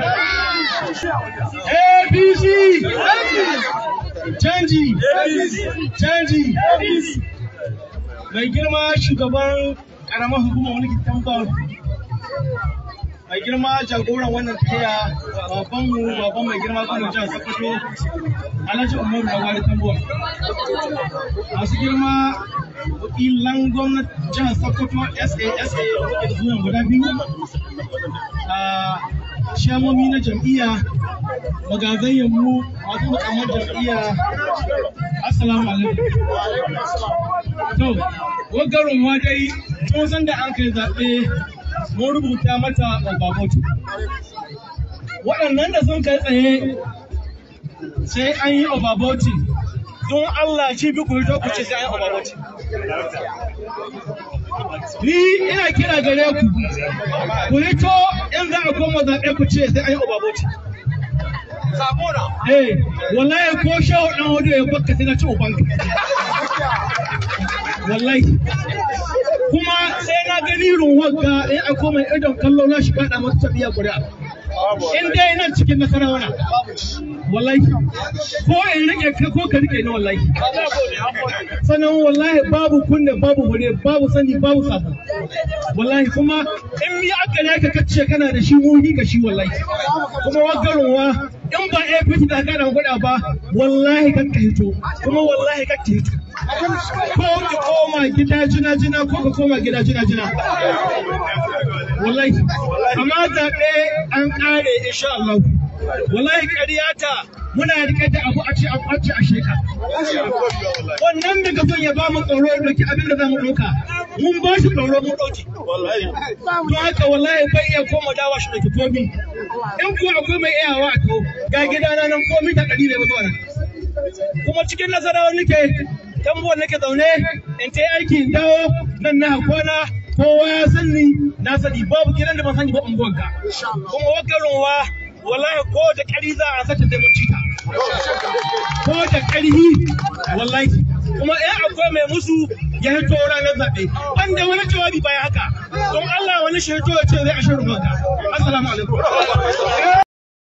A B C canji canji mai girma shugaban karamar hukumar wani kitan mai girma jagoran wannan tafiya baban mu baban mai girma kuma jihar Sokoto Alhaji Umar Bawari Tambuwa masu girma wakilan gwamnati jihar Sokoto SASA da zuwan guda biyu ah, shamomi na jam'iyya magazayyan mu masu mukamman jam'iyya assalamu alaikum to waggaron ma dai tun san da an kai zaɓe mun rubuta mata bababotu waɗannan da sun kai tsaye sai an yi overvoting don Allah ci bi ku hito ku ce sai an yi overvoting ni ina kira gare ku ku to in za a koma zaɓe ku ce sai an yi obaboti eh wallahi ko shawo dan hudu ya baka sai na ci ubanka wallahi kuma sai na gani ruwan ga in a koma idan kallo na shi kada masa tafiya guda in dai nan cikin nasarawa na wallahi ko in rike ka ko ka rike ni wallahi sannan wallahi babu kunne babu hure babu sani babu sabo wallahi kuma in mi aka ne ka kace kana da shi wuri ga shi wallahi kuma waggarowa in ba a fiti da kana gwada ba wallahi kan ka hito kuma wallahi kan ka hito ko ka koma gida jina jina ko ka koma gida jina jina wallahi amma zaɓe an ƙare insha Allah wallahi ƙaryata muna riƙe da abu a ce a kwace a sheka wannan daga son ya ba mu tsoro ya ɗauki abin da za mu ɗauka mun ba shi tsoro mun ɗauki to haka wallahi bai iya koma dawa shi ɗauki komi in kuwa akwai mai iya iyawa to ga gidana nan komi ta ɗari ne ba zuwa nan kuma cikin nasarawar nake tambuwar nake zaune in ta yi aikin dawo nan na kwana kowa ya sani na sani babu gidan da ban sani ba unguwar ga kuma wakarin wa wallahi ko da ƙari za a sata sai mun ci ta ko da ƙarhi wallahi kuma ya eh, akwai mai musu ya hito ranar zaɓe ban da wani jawabi baya haka don Allah wani shi ya ce zai a shirin wanda assalamu alaikum